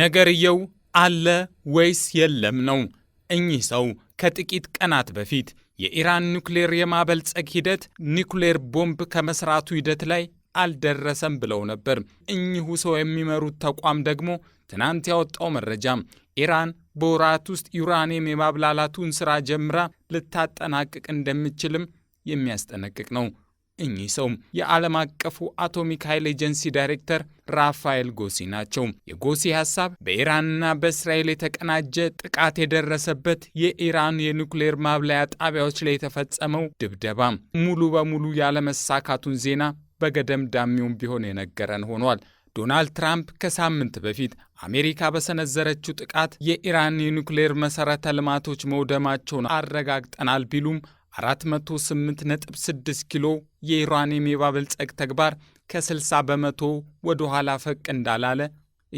ነገርየው አለ ወይስ የለም ነው። እኚህ ሰው ከጥቂት ቀናት በፊት የኢራን ኒውክሌር የማበልጸግ ሂደት ኒውክሌር ቦምብ ከመስራቱ ሂደት ላይ አልደረሰም ብለው ነበር። እኚሁ ሰው የሚመሩት ተቋም ደግሞ ትናንት ያወጣው መረጃ ኢራን በወራት ውስጥ ዩራኒየም የማብላላቱን ስራ ጀምራ ልታጠናቅቅ እንደምችልም የሚያስጠነቅቅ ነው። እኚህ ሰው የዓለም አቀፉ አቶሚክ ኃይል ኤጀንሲ ዳይሬክተር ራፋኤል ጎሲ ናቸው። የጎሲ ሀሳብ በኢራንና በእስራኤል የተቀናጀ ጥቃት የደረሰበት የኢራን የኒውክሌር ማብላያ ጣቢያዎች ላይ የተፈጸመው ድብደባ ሙሉ በሙሉ ያለመሳካቱን ዜና በገደም ዳሚውን ቢሆን የነገረን ሆኗል። ዶናልድ ትራምፕ ከሳምንት በፊት አሜሪካ በሰነዘረችው ጥቃት የኢራን የኒውክሌር መሠረተ ልማቶች መውደማቸውን አረጋግጠናል ቢሉም 486 ኪሎ የዩራኒየም የማበልጸግ ተግባር ከ60 በመቶ ወደ ኋላ ፈቅ እንዳላለ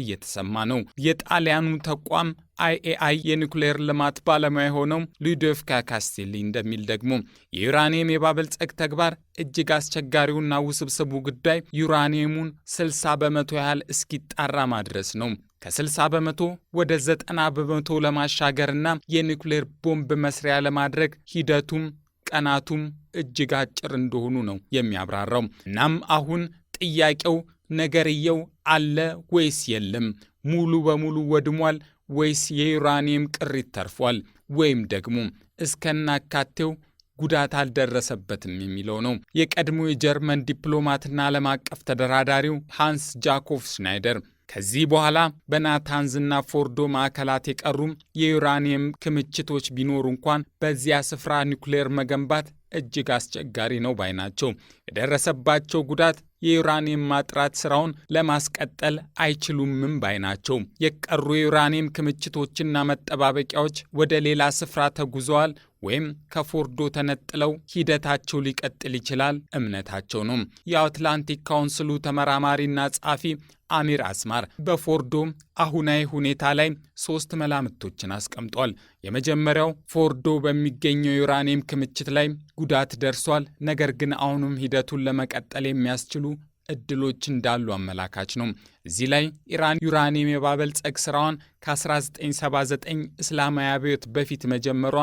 እየተሰማ ነው። የጣሊያኑ ተቋም አይኤአይ የኒኩሌር ልማት ባለሙያ የሆነው ሉዶፍካ ካስቴሊ እንደሚል ደግሞ የዩራኒየም የማበልጸግ ተግባር እጅግ አስቸጋሪውና ውስብስቡ ጉዳይ ዩራኒየሙን 60 በመቶ ያህል እስኪጣራ ማድረስ ነው። ከ60 በመቶ ወደ 90 በመቶ ለማሻገርና የኒኩሌር ቦምብ መስሪያ ለማድረግ ሂደቱም ቀናቱም እጅግ አጭር እንደሆኑ ነው የሚያብራራው። እናም አሁን ጥያቄው ነገርየው አለ ወይስ የለም? ሙሉ በሙሉ ወድሟል ወይስ የዩራኒየም ቅሪት ተርፏል? ወይም ደግሞ እስከናካቴው ጉዳት አልደረሰበትም የሚለው ነው። የቀድሞ የጀርመን ዲፕሎማትና ዓለም አቀፍ ተደራዳሪው ሃንስ ጃኮቭ ሽናይደር ከዚህ በኋላ በናታንዝና ፎርዶ ማዕከላት የቀሩም የዩራኒየም ክምችቶች ቢኖሩ እንኳን በዚያ ስፍራ ኒውክሌር መገንባት እጅግ አስቸጋሪ ነው ባይ ናቸው። የደረሰባቸው ጉዳት የዩራኒየም ማጥራት ስራውን ለማስቀጠል አይችሉምም ባይ ናቸው። የቀሩ የዩራኒየም ክምችቶችና መጠባበቂያዎች ወደ ሌላ ስፍራ ተጉዘዋል ወይም ከፎርዶ ተነጥለው ሂደታቸው ሊቀጥል ይችላል እምነታቸው ነው። የአትላንቲክ ካውንስሉ ተመራማሪና ጸሐፊ አሚር አስማር በፎርዶ አሁናዊ ሁኔታ ላይ ሶስት መላምቶችን አስቀምጧል። የመጀመሪያው ፎርዶ በሚገኘው ዩራኒየም ክምችት ላይ ጉዳት ደርሷል፣ ነገር ግን አሁንም ሂደቱን ለመቀጠል የሚያስችሉ እድሎች እንዳሉ አመላካች ነው። እዚህ ላይ ኢራን ዩራኒየም የማበልጸግ ስራዋን ከ1979 እስላማዊ አብዮት በፊት መጀመሯ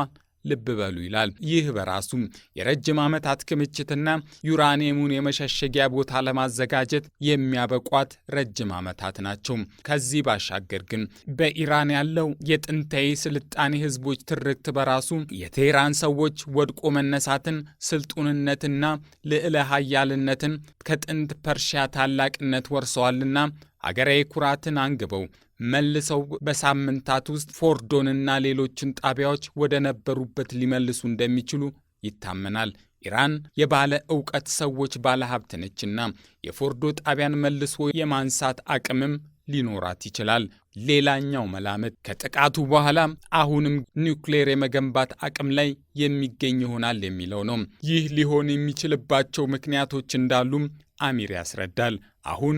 ልብ በሉ ይላል። ይህ በራሱ የረጅም ዓመታት ክምችትና ዩራኒየሙን የመሸሸጊያ ቦታ ለማዘጋጀት የሚያበቋት ረጅም ዓመታት ናቸው። ከዚህ ባሻገር ግን በኢራን ያለው የጥንታዊ ስልጣኔ ህዝቦች ትርክት በራሱ የቴህራን ሰዎች ወድቆ መነሳትን፣ ስልጡንነትና ልዕለ ሀያልነትን ከጥንት ፐርሺያ ታላቅነት ወርሰዋልና ሀገራዊ ኩራትን አንግበው መልሰው በሳምንታት ውስጥ ፎርዶንና ሌሎችን ጣቢያዎች ወደ ነበሩበት ሊመልሱ እንደሚችሉ ይታመናል። ኢራን የባለ እውቀት ሰዎች ባለሀብት ነችና የፎርዶ ጣቢያን መልሶ የማንሳት አቅምም ሊኖራት ይችላል። ሌላኛው መላምት ከጥቃቱ በኋላ አሁንም ኒውክሌር የመገንባት አቅም ላይ የሚገኝ ይሆናል የሚለው ነው። ይህ ሊሆን የሚችልባቸው ምክንያቶች እንዳሉም አሚር ያስረዳል። አሁን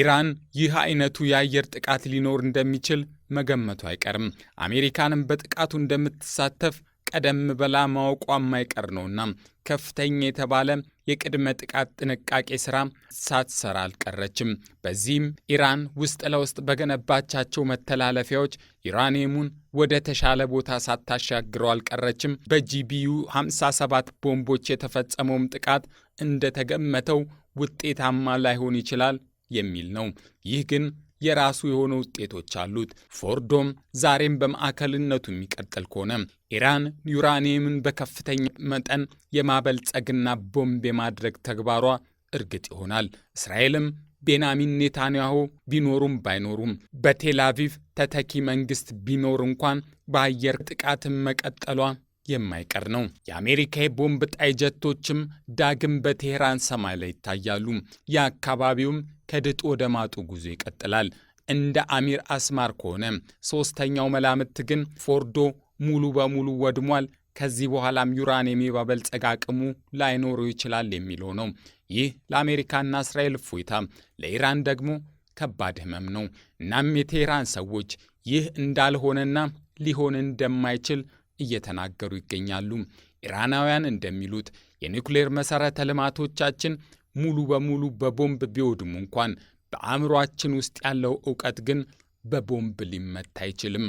ኢራን ይህ አይነቱ የአየር ጥቃት ሊኖር እንደሚችል መገመቱ አይቀርም። አሜሪካንም በጥቃቱ እንደምትሳተፍ ቀደም ብላ ማወቋ የማይቀር ነውና ከፍተኛ የተባለ የቅድመ ጥቃት ጥንቃቄ ስራ ሳትሰራ አልቀረችም። በዚህም ኢራን ውስጥ ለውስጥ በገነባቻቸው መተላለፊያዎች ዩራኒየሙን ወደ ተሻለ ቦታ ሳታሻግረው አልቀረችም። በጂቢዩ 57 ቦምቦች የተፈጸመውም ጥቃት እንደተገመተው ውጤታማ ላይሆን ይችላል የሚል ነው። ይህ ግን የራሱ የሆኑ ውጤቶች አሉት። ፎርዶም ዛሬም በማዕከልነቱ የሚቀጥል ከሆነ ኢራን ዩራኒየምን በከፍተኛ መጠን የማበልጸግና ቦምብ የማድረግ ተግባሯ እርግጥ ይሆናል። እስራኤልም ቤንያሚን ኔታንያሁ ቢኖሩም ባይኖሩም በቴል አቪቭ ተተኪ መንግስት ቢኖር እንኳን በአየር ጥቃትን መቀጠሏ የማይቀር ነው። የአሜሪካ የቦምብ ጣይ ጀቶችም ዳግም በቴህራን ሰማይ ላይ ይታያሉ። የአካባቢውም ከድጡ ወደ ማጡ ጉዞ ይቀጥላል። እንደ አሚር አስማር ከሆነ ሦስተኛው መላምት ግን ፎርዶ ሙሉ በሙሉ ወድሟል፣ ከዚህ በኋላም ዩራኒየም የማበልጸግ አቅሙ ላይኖረው ይችላል የሚለው ነው። ይህ ለአሜሪካና እስራኤል እፎይታ፣ ለኢራን ደግሞ ከባድ ህመም ነው። እናም የቴህራን ሰዎች ይህ እንዳልሆነና ሊሆን እንደማይችል እየተናገሩ ይገኛሉ። ኢራናውያን እንደሚሉት የኒውክሌር መሠረተ ልማቶቻችን ሙሉ በሙሉ በቦምብ ቢወድሙ እንኳን በአእምሯችን ውስጥ ያለው እውቀት ግን በቦምብ ሊመታ አይችልም።